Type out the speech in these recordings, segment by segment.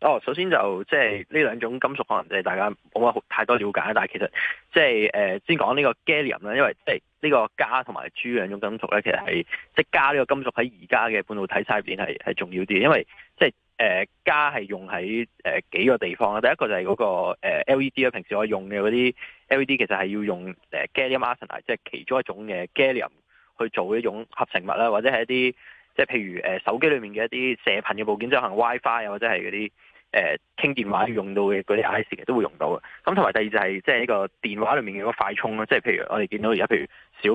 哦，首先就即係呢兩種金屬可能即係大家冇乜太多了解，但係其實即係誒，先講呢個 Gallium 因為即係呢個加同埋 g 兩種金屬咧其實係、嗯、即係加呢個金屬喺而家嘅半導體差入邊係係重要啲，因為即係誒加係用喺誒、呃、幾個地方啦，第一個就係嗰個誒 LED 平時我用嘅嗰啲 LED 其實係要用 Gallium arsenide 即係其中一種嘅 Gallium 去做一種合成物啦，或者係一啲即係譬如手機裏面嘅一啲射頻嘅部件即可能 WiFi 啊或者係嗰啲誒傾電話用到嘅嗰啲 IC 都會用到嘅，咁同埋第二就係即係呢個電話裏面嘅嗰快充咯，即係譬如我哋見到而家譬如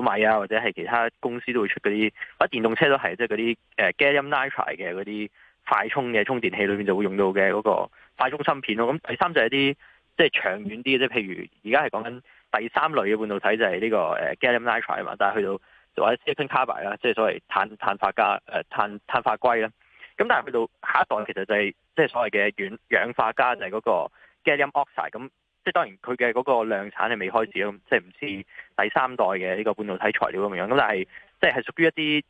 小米啊，或者係其他公司都會出嗰啲，或者電動車都係即係嗰啲誒 Gallium Nitride 嘅嗰啲快充嘅充電器裏面就會用到嘅嗰個快充芯片咯。咁第三就係一啲即係長遠啲，即係譬如而家係講緊第三類嘅半導體就係呢個誒 Gallium Nitride 啊，但係去到或者 Silicon Carbide 啊，即係所謂碳碳化矽誒碳碳化硅啦。咁但係去到下一代其實就係即係所謂嘅遠氧化鎵，係嗰個 gallium oxide 咁，即係當然佢嘅嗰個量產係未開始咯，即係唔似第三代嘅呢個半導體材料咁樣。咁但係即係係屬於一啲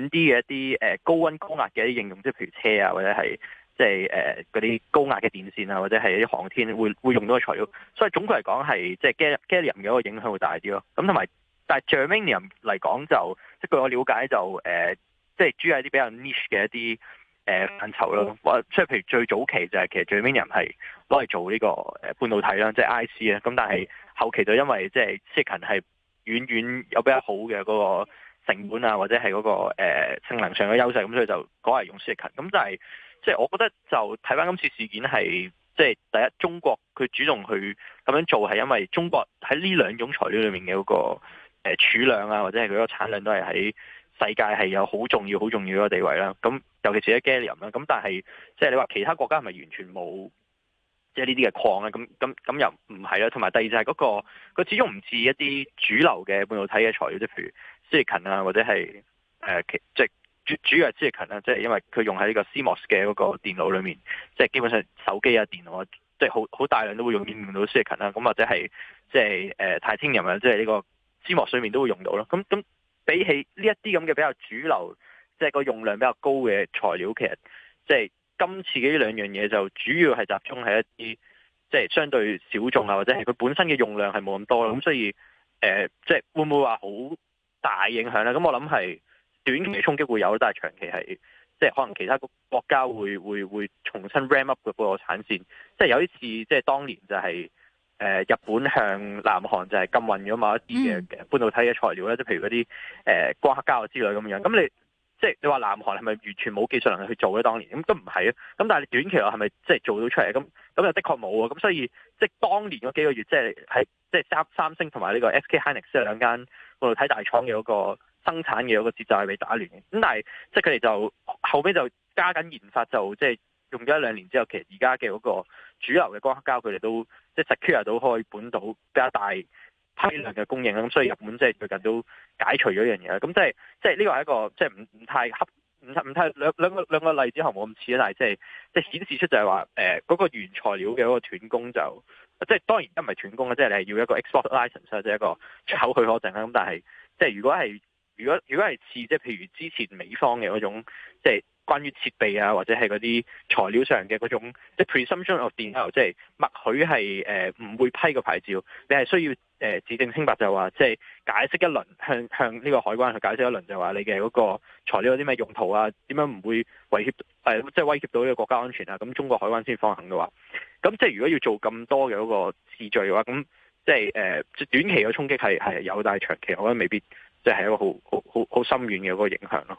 遠啲嘅一啲誒高溫高壓嘅應用，即係譬如車啊，或者係即係誒嗰啲高壓嘅電線啊，或者係啲航天會會用到嘅材料。所以總括嚟講係即係 gallium 嘅一個影響會大啲咯。咁同埋但係 germanium 嚟講就，即係據我了解就即係主係啲比較 niche 嘅一啲。誒範疇咯，即係譬如最早期就係、是、其實最尾人係攞嚟做呢個誒半導體啦，即、就、係、是、IC 啦。咁但係後期就因為即係 silicon 係遠遠有比較好嘅嗰個成本啊，或者係嗰、那個、呃、性能上嘅優勢，咁所以就改為用 silicon。咁但係即係我覺得就睇翻今次事件係即係第一，中國佢主動去咁樣做係因為中國喺呢兩種材料裡面嘅嗰、那個誒、呃、儲量啊，或者係佢個產量都係喺世界係有好重要、好重要嘅地位啦。咁尤其是喺 Gallium 啦。咁但係即係你話其他國家係咪完全冇即係呢啲嘅礦啊？咁咁咁又唔係啦。同埋第二就係嗰、那個佢始終唔似一啲主流嘅半導體嘅材料，即係譬如 Silicon 啊，或者係誒即係主主要係 Silicon 啊。即係因為佢用喺呢個 CMOS 嘅嗰個電腦裡面，即係基本上手機啊、電腦啊，即係好好大量都會用，用到 Silicon 啦。咁或者係即係 Titanium 啊，即係呢個 CMOS 上面都會用到咯。咁咁。比起呢一啲咁嘅比較主流，即係個用量比較高嘅材料，其實即係今次嘅呢兩樣嘢就主要係集中喺一啲即係相對小眾啊，或者係佢本身嘅用量係冇咁多啦。咁所以誒，即係會唔會話好大影響咧？咁我諗係短期衝擊會有，但係長期係即係可能其他國國家會會會重新 ram up 個補貨產線。即係有啲似，即係當年就係。誒日本向南韓就係禁運咗某一啲嘅半導體嘅材料咧，即係譬如嗰啲誒光刻膠啊之類咁樣。咁你即你話南韓係咪完全冇技術能力去做咧？當年咁都唔係啊。咁但係短期內係咪即係做到出嚟？咁咁又的確冇啊。咁所以即係當年嗰幾個月，即係即係三三星同埋呢個 SK High 海力斯兩間半導體大廠嘅嗰個生產嘅嗰個節奏係被打亂嘅。咁但係即係佢哋就後尾就加緊研發就，就即係。用咗一兩年之後，其實而家嘅嗰個主流嘅光刻膠佢哋都即係 secure 到開本島比較大批量嘅供應啦，咁所以日本即係最近都解除咗一樣嘢啦。咁即係即係呢個係一個即係唔唔太恰唔唔太兩兩個兩個例子係冇咁似啦，但係即係即係顯示出就係話誒嗰個原材料嘅嗰個斷供就即係、就是、當然唔係斷供即係你係要一個 export license 即係一個出口許可證啦。咁但係即係如果係如果如果係似即係譬如之前美方嘅嗰種即係。就是關於設備啊，或者係嗰啲材料上嘅嗰種，即係 presumption of denial，即係默許係誒唔會批個牌照，你係需要誒、呃、指定清白就話，就話即係解釋一輪，向向呢個海關去解釋一輪，就話你嘅嗰個材料有啲咩用途啊，點樣唔會威脅誒，即、呃、係、即係、威脅到呢個國家安全啊，咁中國海關先放行嘅話，咁即係如果要做咁多嘅嗰個次序嘅話，咁即係誒短期嘅衝擊係係有，但係長期我覺得未必即係一個好好好好深遠嘅一個影響咯。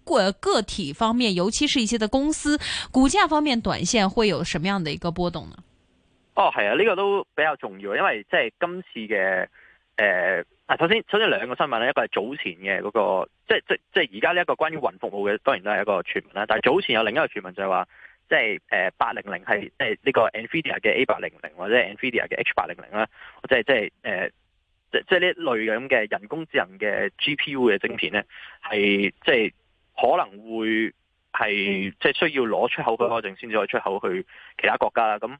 個個體方面，尤其是一些嘅公司股價方面，短線會有什麼樣的一個波動呢？哦，係啊，呢、這個都比較重要，因為即係今次嘅誒、呃，啊，首先首先兩個新聞咧，一個係早前嘅嗰、那個，即係即係即係而家呢一個關於雲服務嘅，當然都係一個傳聞啦。但係早前有另一個傳聞就係話，即係誒八零零係即係呢個 NVIDIA 嘅 A 八零零或者 NVIDIA 嘅 H 八零零啦，即者係、呃、即係誒即即呢一類咁嘅人工智能嘅 GPU 嘅晶片咧，係即係。可能會係即係需要攞出口許可證先至可以出口去其他國家啦。咁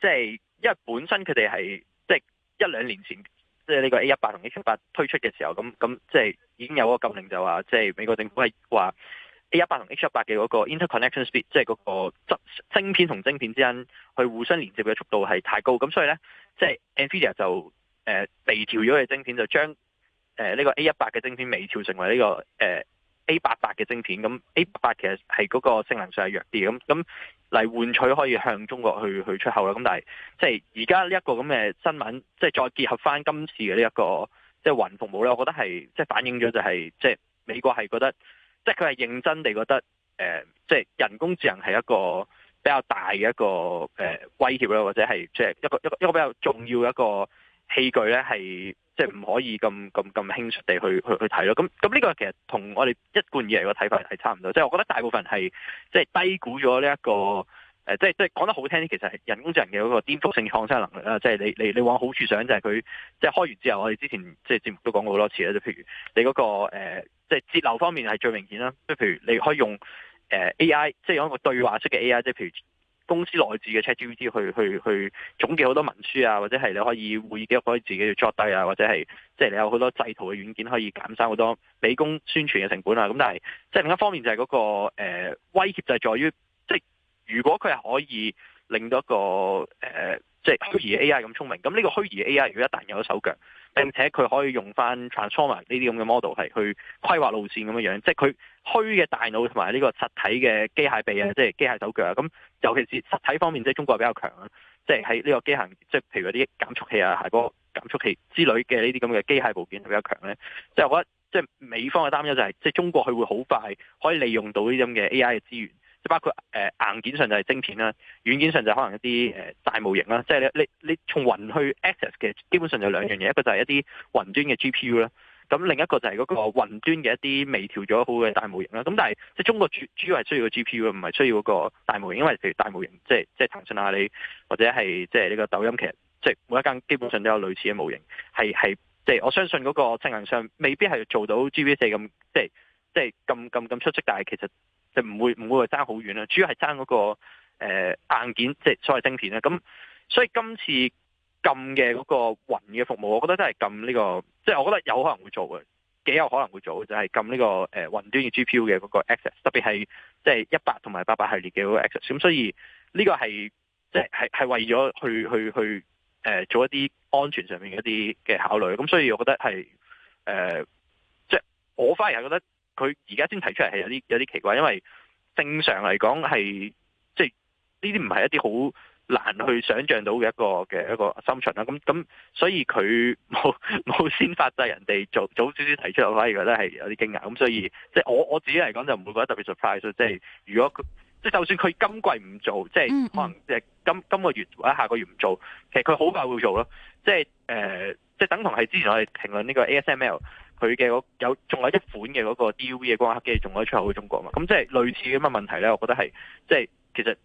即係因為本身佢哋係即係一兩年前即係呢個 A 一八同 H 一八推出嘅時候，咁咁即係已經有個禁令就話，即係美國政府係話 A 一八同 H 一八嘅嗰個 interconnection speed，即係嗰個晶片同晶片之間去互相連接嘅速度係太高。咁所以呢，即係 NVIDIA 就誒、呃、微調咗嘅晶片，就將誒呢個 A 一八嘅晶片微調成為呢個誒。呃 A 八八嘅晶片，咁 A 八八其實係嗰個性能上係弱啲，咁咁嚟換取可以向中國去去出口啦。咁但係即係而家呢一個咁嘅新聞，即係再結合翻今次嘅呢一個即係雲服務咧，我覺得係即係反映咗就係即係美國係覺得，即係佢係認真地覺得誒，即係人工智能係一個比較大嘅一個誒威脅啦，或者係即係一個一個一個比較重要嘅一個。器具咧係即係唔可以咁咁咁輕率地去去去睇咯。咁咁呢個其實同我哋一貫以嚟個睇法係差唔多。即係我覺得大部分係即係低估咗呢一個誒，即係即係講得好聽啲，其實係人工智能嘅嗰個顛覆性創新能力啦。即係你你你往好處想就，就係佢即係開完之後，我哋之前即係節目都講過好多次啦。就譬如你嗰個誒，即係節流方面係最明顯啦。即係譬如你可以用誒 AI，即係用一個對話式嘅 AI，即係譬如。公司內置嘅 ChatGPT 去去去總結好多文書啊，或者係你可以會議記錄可以自己作低啊，或者係即係你有好多製圖嘅軟件可以減省好多美工宣傳嘅成本啊。咁但係即係另一方面就係嗰個，那個，呃，威脅就係在於，即係如果佢係可以。令到一個誒，即係虛擬嘅 AI 咁聰明。咁呢個虛擬嘅 AI 如果一旦有咗手腳，並且佢可以用翻 Transformer 呢啲咁嘅 model 係去規劃路線咁樣樣，即係佢虛嘅大腦同埋呢個實體嘅機械臂啊，即係機械手腳啊，咁尤其是實體方面，即係中國比較強啊。即係喺呢個機械，即係譬如啲減速器啊、諧波減速器之類嘅呢啲咁嘅機械部件係比較強咧。即係我覺得，即係美方嘅擔憂就係，即係中國佢會好快可以利用到呢啲咁嘅 AI 嘅資源。即包括誒、呃、硬件上就係晶片啦，軟件上就可能一啲、呃、大模型啦。即係你你你從雲去 access 嘅，基本上有兩樣嘢，一個就係一啲雲端嘅 GPU 啦，咁另一個就係嗰個雲端嘅一啲微調咗好嘅大模型啦。咁但係即中國主，主要係需要 G P U，唔係需要嗰個大模型，因為譬如大模型，即係即係騰訊阿、啊、里或者係即係呢個抖音，其實即係每一間基本上都有類似嘅模型，係係即係我相信嗰個性能上未必係做到 G P 四咁即係即係咁咁咁出色，但係其實。就唔會唔會爭好遠啦，主要係爭嗰個、呃、硬件，即係所謂晶片咧。咁所以今次禁嘅嗰個雲嘅服務，我覺得都係禁呢、這個，即、就、係、是、我覺得有可能會做嘅，幾有可能會做嘅，就係、是、禁呢、這個誒、呃、雲端嘅 GPU 嘅嗰個 access，特別係即係一百同埋八百系列嘅嗰個 access。咁所以呢個係即係係係為咗去去去誒、呃、做一啲安全上面嘅一啲嘅考慮。咁所以我覺得係誒，即、呃就是、我反而係覺得。佢而家先提出嚟係有啲有啲奇怪，因為正常嚟講係即係呢啲唔係一啲好難去想像到嘅一個嘅一個心情啦。咁咁，所以佢冇冇先發制人哋早早少少提出，我反而覺得係有啲驚訝。咁所以即係、就是、我我自己嚟講就唔會覺得特別 surprise 即係如果即係就算佢今季唔做，即、就、係、是、可能即係今今個月或者下個月唔做，其實佢好快會做咯。即係誒，即、呃、係、就是、等同係之前我哋評論呢個 ASML。佢嘅有仲有一款嘅嗰個 DUV 嘅光刻機仲可以出口去中國嘛？咁即係類似咁嘅問題咧，我覺得係即係其實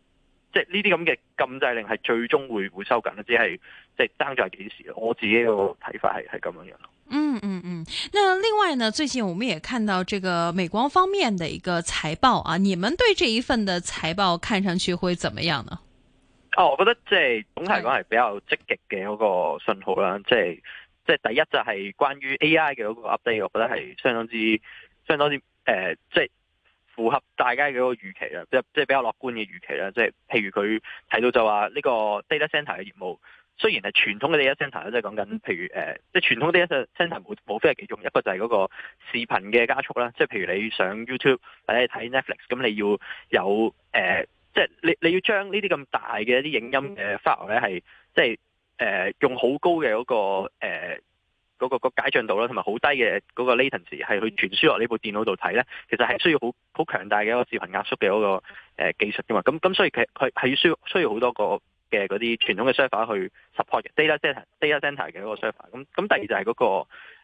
即係呢啲咁嘅禁制令係最終會會收緊啦，只係即係爭在幾時咯。我自己個睇法係係咁樣樣咯。嗯嗯嗯，那另外呢，最近我們也看到這個美光方面的一個財報啊，你們對這一份的財報看上去會怎麼樣呢？哦，我覺得即係總體講係比較積極嘅嗰個信號啦，嗯、即係。即係第一就係關於 AI 嘅嗰個 update，我覺得係相當之、相當之誒，即、呃、係、就是、符合大家嘅嗰個預期啦，即係即比較樂觀嘅預期啦。即、就、係、是、譬如佢睇到就話呢個 data centre 嘅業務，雖然係傳統嘅 data centre 即係講緊譬如誒，即、呃、係、就是、傳統 data centre 無非係幾種，一個就係嗰個視頻嘅加速啦，即、就、係、是、譬如你上 YouTube 或者睇 Netflix，咁你要有誒，即、呃、係、就是、你你要將呢啲咁大嘅一啲影音嘅 file 咧係即係。就是誒、呃、用好高嘅嗰、那個誒嗰、呃那個那個、解像度啦，同埋好低嘅嗰個 latency 係去傳輸落呢部電腦度睇咧，其實係需要好好強大嘅一個視頻壓縮嘅嗰、那個、呃、技術噶嘛。咁咁所以佢佢係要需需要好多個嘅嗰啲傳統嘅 server 去 support data center data center 嘅嗰個 server。咁咁第二就係嗰、那個、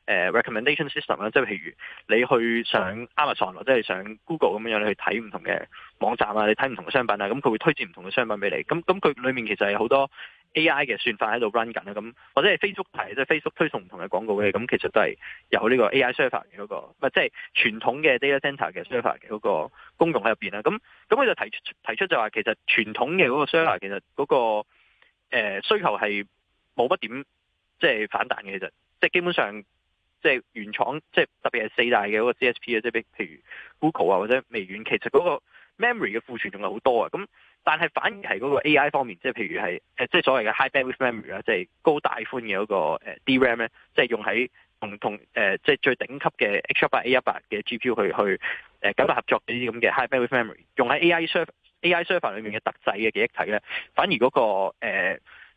呃、recommendation system 啦，即係譬如你去上 Amazon 或者係上 Google 咁樣你去睇唔同嘅網站啊，你睇唔同嘅商品啊，咁佢會推薦唔同嘅商品俾你。咁咁佢裡面其實係好多。A.I. 嘅算法喺度 run 緊啦，咁或者係 Facebook 提即係、就是、Facebook 推送唔同嘅廣告嘅，咁其實都係有呢個 A.I. server 嘅嗰個，唔即係傳統嘅 data center 嘅 server 嘅嗰個功用喺入邊啦。咁咁佢就提出提出就話，其實傳統嘅嗰個 server 其實嗰、那個、呃、需求係冇乜點即係反彈嘅，其實即係基本上即係、就是、原廠，即、就、係、是、特別係四大嘅嗰個 C.S.P. 啊，即係譬如 Google 啊或者微軟，其實嗰個 memory 嘅庫存仲係好多啊，咁。但係反而係嗰個 A.I. 方面，即係譬如係即係所謂嘅 High Bandwidth Memory 即係高帶寬嘅嗰個 DRAM 咧，即係用喺同同即係最頂級嘅 H 一百 A 一百嘅 G.P.U. 去去誒緊密合作呢啲咁嘅 High Bandwidth Memory，用喺 A.I. server A.I. server 裏面嘅特製嘅記憶體咧，反而嗰、那個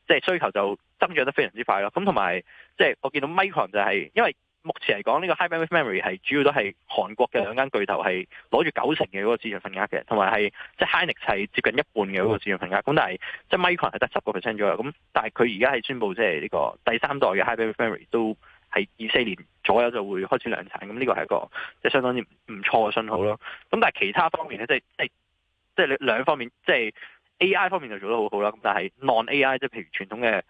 即係、呃就是、需求就增長得非常之快咯。咁同埋即係我見到 Micron 就係、是、因為。目前嚟講，呢個 high bandwidth memory 係主要都係韓國嘅兩間巨頭係攞住九成嘅嗰個市場份額嘅，同埋係即係 Hynix 係接近一半嘅嗰個市場份額。咁但係即係 Micron 係得十個 percent 左右。咁但係佢而家係宣布即係呢個第三代嘅 high bandwidth memory 都係二四年左右就會開始量產。咁呢個係一個即係相當之唔錯嘅信號咯。咁但係其他方面咧，即係即係即係兩方面，即係 AI 方面就做得好好啦。咁但係 non AI 即係譬如傳統嘅。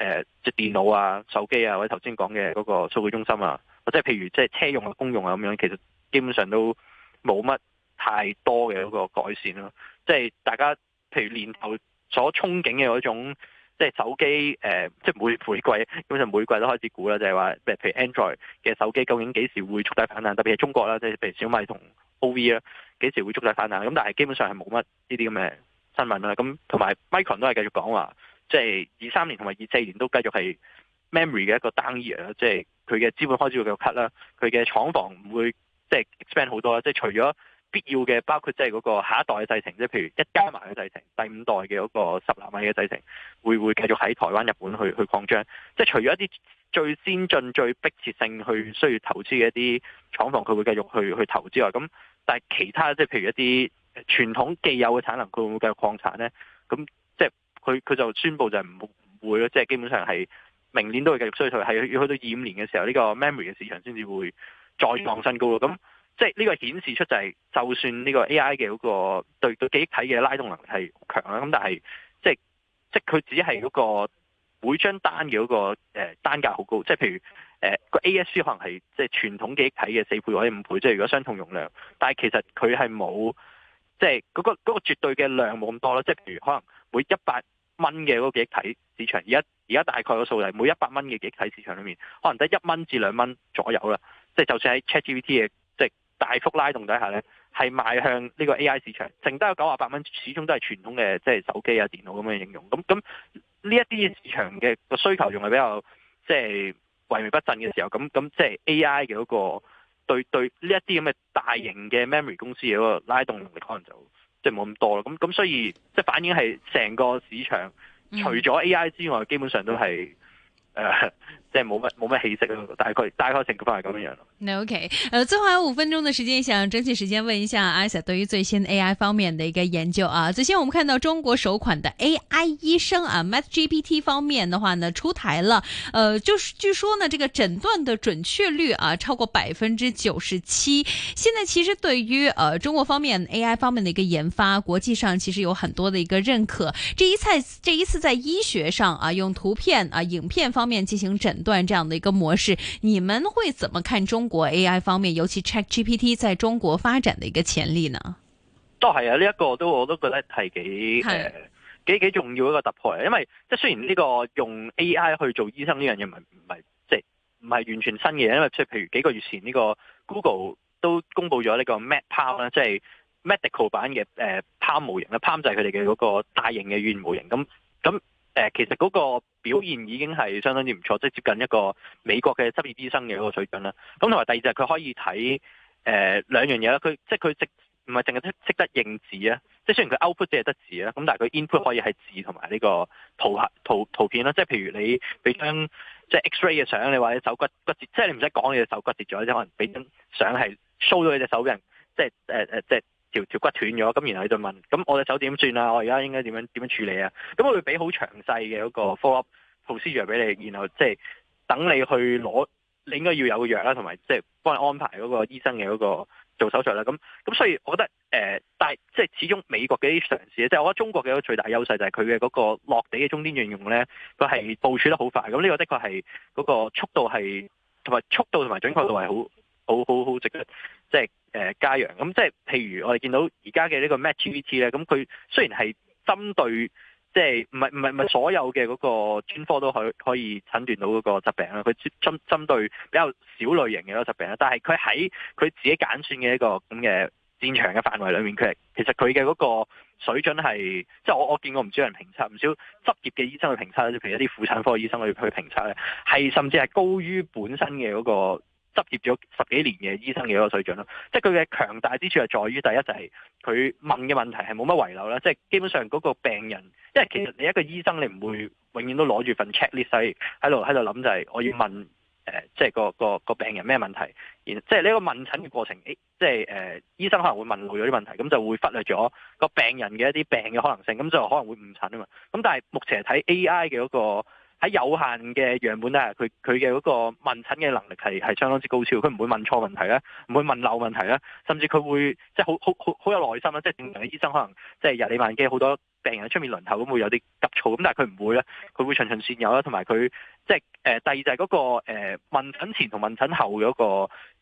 誒、呃、即電腦啊、手機啊，或者頭先講嘅嗰個數據中心啊，或者譬如即車用啊、公用啊咁樣，其實基本上都冇乜太多嘅嗰個改善咯、啊。即大家譬如年頭所憧憬嘅嗰種，即手機誒、呃，即每，每季季基本上每季都開始估啦，就係、是、話譬如 Android 嘅手機究竟幾時會觸底反彈？特別係中國啦、啊，即譬如小米同 OV 啦、啊，幾時會觸底反彈？咁但係基本上係冇乜呢啲咁嘅新聞啦、啊。咁同埋 Micron 都係繼續講話。即係二三年同埋二四年都繼續係 memory 嘅一個 d o 即係佢嘅資本開支會繼續 cut 啦，佢嘅廠房唔會即係 expand 好多啦，即、就、係、是、除咗必要嘅，包括即係嗰個下一代嘅製程，即、就、係、是、譬如一加埋嘅製程、第五代嘅嗰個十納米嘅製程，會唔會繼續喺台灣、日本去去擴張？即、就、係、是、除咗一啲最先進、最迫切性去需要投資嘅一啲廠房，佢會繼續去去投之外，咁但係其他即係、就是、譬如一啲傳統既有嘅產能，佢會唔會繼續擴產咧？咁？佢佢就宣布就唔會會咯，即、就、係、是、基本上係明年都會繼續衰退，係要去到二五年嘅時候，呢、這個 memory 嘅市場先至會再創新高咯。咁即係呢個顯示出就係、是，就算呢個 A.I. 嘅嗰、那個對,對記憶體嘅拉動能力係強啦。咁但係即係即係佢只係嗰個每張單嘅嗰個誒單價好高，即、就、係、是、譬如誒個、呃、A.S.C. 可能係即係傳統記憶體嘅四倍或者五倍，即、就、係、是、如果相同容量，但係其實佢係冇即係嗰個嗰、那個絕對嘅量冇咁多喇。即、就、係、是、譬如可能。每一百蚊嘅嗰幾億體市場，而家而家大概個數係，每一百蚊嘅幾億體市場裏面，可能得一蚊至兩蚊左右啦。即係就算喺 ChatGPT 嘅即係大幅拉動底下咧，係賣向呢個 AI 市場，剩低有九十八蚊始終都係傳統嘅即係手機啊電腦咁嘅應用。咁咁呢一啲市場嘅個需求仲係比較即係萎靡不振嘅時候，咁咁即係 AI 嘅嗰個對對呢一啲咁嘅大型嘅 memory 公司嘅嗰個拉動力可能就～即係冇咁多咯，咁咁所以即係反映係成個市場，除咗 A I 之外，基本上都係。誒、呃。即係冇乜冇乜起色，大概大概情況係咁樣樣咯。那 OK，呃，最後還有五分鐘的時間，想爭取時間問一下阿、啊、Sir 對於最新 AI 方面的一個研究啊。首、啊、先，我們看到中國首款的 AI 醫生啊，Math GPT 方面的話呢，出台了，呃，就是據說呢，這個診斷的準確率啊超過百分之九十七。現在其實對於呃、啊、中國方面 AI 方面的一個研發，國際上其實有很多的一個認可。這一次這一次在醫學上啊，用圖片啊、影片方面進行診。段這樣的一個模式，你們會怎麼看中國 AI 方面，尤其 ChatGPT 在中國發展的一個潛力呢？都係啊，呢一個都我都覺得係幾誒幾幾重要的一個突破啊！因為即係雖然呢個用 AI 去做醫生呢樣嘢，唔係唔係即係唔係完全新嘅，因為即係譬如幾個月前呢個 Google 都公布咗呢個 MedPalm 啦，即係 Medical 版嘅誒 Palm 模型啦，Palm 就係佢哋嘅嗰個大型嘅語言模型咁咁誒，其實嗰個。表現已經係相當之唔錯，即係接近一個美國嘅執業醫生嘅一個水準啦。咁同埋第二就係佢可以睇誒、呃、兩樣嘢啦。佢即係佢識唔係淨係識得認字啊。即係雖然佢 output 只係得字啊，咁但係佢 input 可以係字同埋呢個圖合圖圖片啦。即係譬如你俾張即係 X-ray 嘅相，你話你手骨骨折，即係你唔使講你隻手骨折咗，即可能俾張相係 show 到你隻手俾人，即係誒誒即係，條，條骨斷咗，咁然後你就問，咁我隻手點算啊？我而家應該點樣點樣處理啊？咁我會俾好詳細嘅嗰個 follow-up 措施藥俾你，然後即係等你去攞，你應該要有藥啦，同埋即係幫你安排嗰個醫生嘅嗰個做手術啦。咁咁所以，我覺得誒、呃，但係即係始終美國嘅啲嘗試，即係我覺得中國嘅一個最大優勢就係佢嘅嗰個落地嘅終端應用咧，佢係部署得好快。咁呢個的確係嗰個速度係同埋速度同埋準確度係好好好好值得。即係誒加樣咁，即係譬如我哋見到而家嘅呢個 MedGPT 咧，咁佢雖然係針對即係唔係唔係唔係所有嘅嗰個專科都可以可以診斷到嗰個疾病啦，佢針針對比較少類型嘅嗰個疾病啦，但係佢喺佢自己揀選嘅一個咁嘅戰場嘅範圍裏面，佢其實佢嘅嗰個水準係即係我我見過唔少人評測，唔少執業嘅醫生去評測譬如一啲婦產科醫生去去評測咧，係甚至係高於本身嘅嗰個。執業咗十幾年嘅醫生嘅一個水準咯，即係佢嘅強大之處係在於，第一就係佢問嘅問題係冇乜遺漏啦，即係基本上嗰個病人，即係其實你一個醫生你唔會永遠都攞住份 check list 喺度喺度諗就係我要問誒、呃，即係個個個病人咩問題，然即係呢個問診嘅過程，呃、即係誒、呃、醫生可能會問到咗啲問題，咁就會忽略咗個病人嘅一啲病嘅可能性，咁就可能會誤診啊嘛。咁但係目前睇 AI 嘅嗰、嗰個。喺有限嘅樣本咧，佢佢嘅嗰個問診嘅能力係係相當之高超，佢唔會問錯問題咧，唔會問漏問題咧，甚至佢會即係好好好好有耐心咧，即係正常嘅醫生可能即係日理萬機好多。病人喺出面輪候咁會有啲急躁咁，但係佢唔會咧，佢會循循善誘啦。同埋佢即係誒，第二就係嗰、那個誒、呃、問診前同問診後嗰、那個、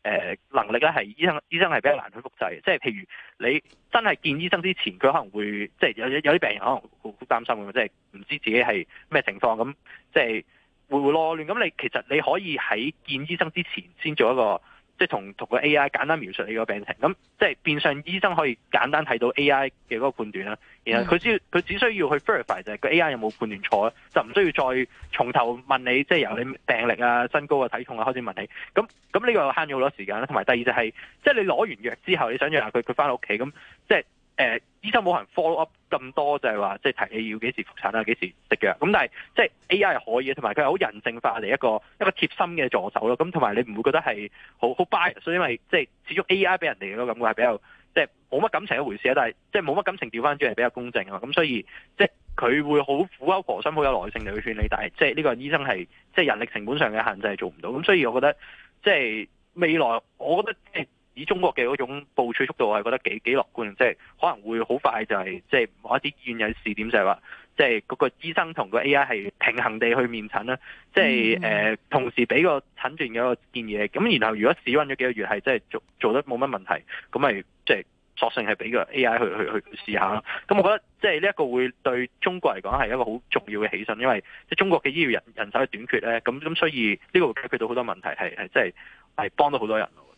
呃、能力咧，係醫生醫生係比較難去複製嘅。即係譬如你真係見醫生之前，佢可能會即係有有啲病人可能好擔心咁，即係唔知自己係咩情況咁，即係會會錯亂咁。你其實你可以喺見醫生之前先做一個。即係同同個 AI 簡單描述你個病情，咁即係變相醫生可以簡單睇到 AI 嘅嗰個判斷啦。然後佢只佢只需要去 verify 就係個 AI 有冇判斷錯咧，就唔需要再從頭問你，即係由你病歷啊、身高啊、體重啊開始問你。咁咁呢個慳咗好多時間啦。同埋第二就係、是，即係你攞完藥之後，你想約下佢佢翻到屋企咁，即係。誒、呃、醫生冇可能 follow up 咁多，就係話即係提你要幾時復診啊，幾時食藥咁、啊。但係即係 AI 係可以嘅，同埋佢係好人性化嚟一個一個貼心嘅助手咯、啊。咁同埋你唔會覺得係好好 buy，所以因為即係始終 AI 俾人哋嘅感覺係比較即係冇乜感情一回事啊。但係即係冇乜感情調返轉係比較公正啊。咁、嗯、所以即係佢會好苦口婆心，好有耐性嚟去勸你。但係即係呢、這個醫生係即係人力成本上嘅限制係做唔到。咁、嗯、所以我覺得即係未來，我覺得。以中國嘅嗰種部署速度，我係覺得幾幾樂觀，即係可能會好快就係即係某一啲醫院有試點，就係話即係嗰個醫生同個 AI 係平衡地去面診啦，即係誒同時俾個診斷嘅個建議，咁然後如果試運咗幾個月係即係做做得冇乜問題，咁咪即係索性係俾個 AI 去去去試下啦。咁我覺得即係呢一個會對中國嚟講係一個好重要嘅起身，因為即係中國嘅醫療人人手嘅短缺咧，咁咁所以呢個解決到好多問題，係係即係係幫到好多人。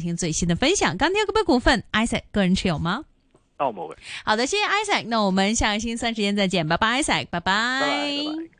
聽最新的分享，鋼鐵股份，Isaac 個人持有嗎？Oh, no，好的，謝謝 Isaac。那我們下個星期三分時間再見，拜拜 Isaac, bye bye，Isaac，拜拜。